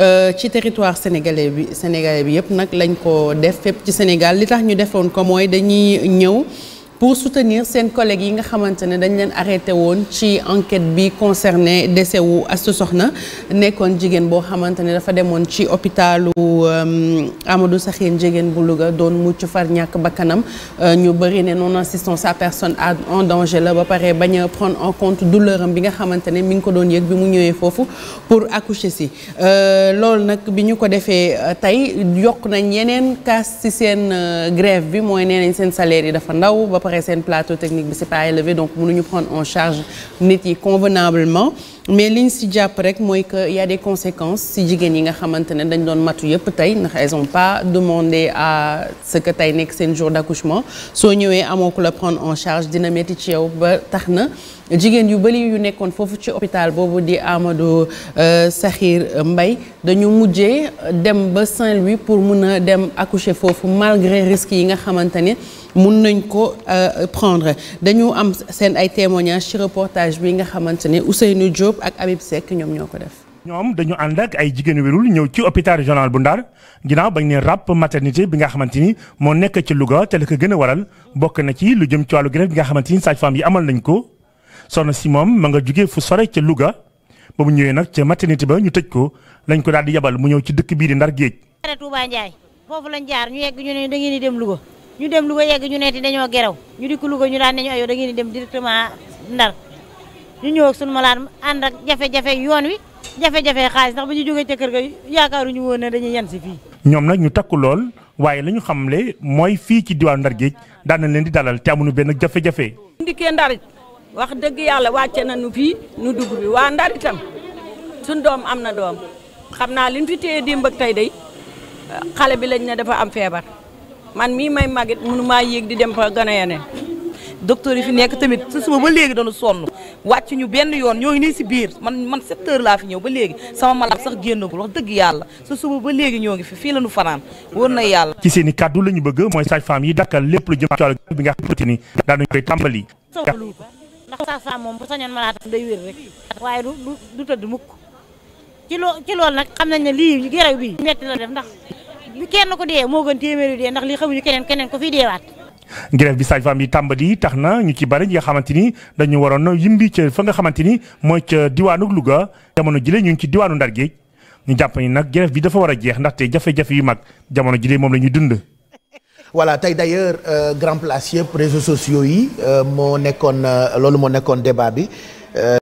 Euh, ci territoire sénégalais bi sénégalais bi yëpp nag lañ ko def fépp ci Sénégal li tax ñu defoon ko mooy dañuy ñëw pour soutenir seen collègues yi nga xamante ne dañ leen arrêté woon ci enquête bi concerné décès wu Astou Sokhna nekkoon jigéen boo xamante ne dafa demoon ci hôpitalu euh, Amadou Sakhir jigéen bu Louga doon mucc far ñàkk bakkanam euh, ñu bëri ne non assistance à personne en danger la ba pare bañ a prendre en compte douleur bi nga xamante ne mi ngi ko doon yëg bi mu ñëwee foofu pour accoucher si euh, loolu nag bi ñu ko defee tey yokk nañ yeneen cas ci seen grève bi mooy nee seen salaire yi dafa ndaw pare seen plateau technique bi c'est pas élevé donc mënuñu prendre en charge nit yi convenablement mais liñ si jàpp rek mooy que y a des conséquences si jigéen yi nga xamante ne dañ doon matu yëpp tey ndax elles ont pas demandé à ce que tey nekk seen jour d'accouchement soo ñëwee amoo ku la prendre en charge dina metti ci yow ba tax na jigéen yu bëri yu nekkoon foofu ci hôpital boobu di Amadou euh, Sakhir Mbaye dañu mujjee dem ba Saint-Louis pour mun a dem accoucher foofu malgré yi nga xamante Euh, prendre dañu am seen ay témoignages ci reportage bi nga xamante ne Ousseynou Diop ak Habib Seck ñoom ñoo ko def. ñoom dañu ànd ak ay jigéenu wérul ñëw ci hôpital régional bu Ndar ginnaaw bañ ne ràpp maternité bi nga xamante moo nekk ci Louga te la ko gën a waral bokk na ci lu jëm ci wàllu grève bi nga xamante ni sage-femme yi amal nañ ko soxna si moom ma nga jugee fu sore ca luga ba mu ñëwee nag ca maternité ba ñu tëj ko lañ ko daal di yabal mu ñëw ci dëkk bii di Ndar géej. ñu dem Louga yegg ñu neeti dañoo geraw ñu dikk Louga ñu daan nañu ayoo da ngeen di dem directement Ndar ñu ñëw ak sunu malade ànd ak jafe-jafe yoon wi jafe-jafe xaalis ndax bu ñu jógee ca kër yaakaaru ñu woon ne dañu yan si fii. ñoom nag ñu takku lool waaye la ñu le mooy fii ci diwaan Ndar géej daan nañ leen di dalal te amuñu benn jafe-jafe. ndikkee Ndar wax dëgg yàlla wàcce na nañu fii nu dugg bi waa Ndar itam suñ doom am na doom xam naa liñ fi téye démb tey day xale bi lañ ne dafa am feebar man mii may màgget mënu maa yéeg di dem fa gana yene docteur yi fi nekk tamit su suba ba léegi dañu sonn wàcc ñu benn yoon ñoo ngi nii si biir man man sept laa fi ñëw ba léegi sama malade sax génnagul wax dëgg yàlla sa suba ba léegi ñoo ngi fi fii la ñu fanaan wóor na yàlla ci seen i kàddu la ñu bëgg mooy sage-femme yi dakkal lépp lu jëm ci wàllu bi nga xamante ni daanuñu koy tàmbali ndax sage-femme moom bu sañoon malaatam day wér rek waaye du du tëdd mukk loo nag xam nañ ne lii geraw bi metti la def ndax bi kenn ko dee moo gën téeméeri dee ndax li xamuñu keneen keneen ko fi deewaat. grève bi sage-femme yi tàmbali tax na ñu ci bari ñi nga xamante ni dañu waroon yimbi ca xamante ni mooy ca diwaanu Louga jamono jile ñu ngi ci diwaanu Ndar Géej ñu jàpp ni nag grève bi dafa war a jeex ndaxte jafe-jafe yu mag jamono jile moom la ñuy dund. voilà tey d'ailleurs euh, grand place yëpp réseaux sociaux yi euh, moo nekkoon euh, loolu moo nekkoon débat bi. Euh,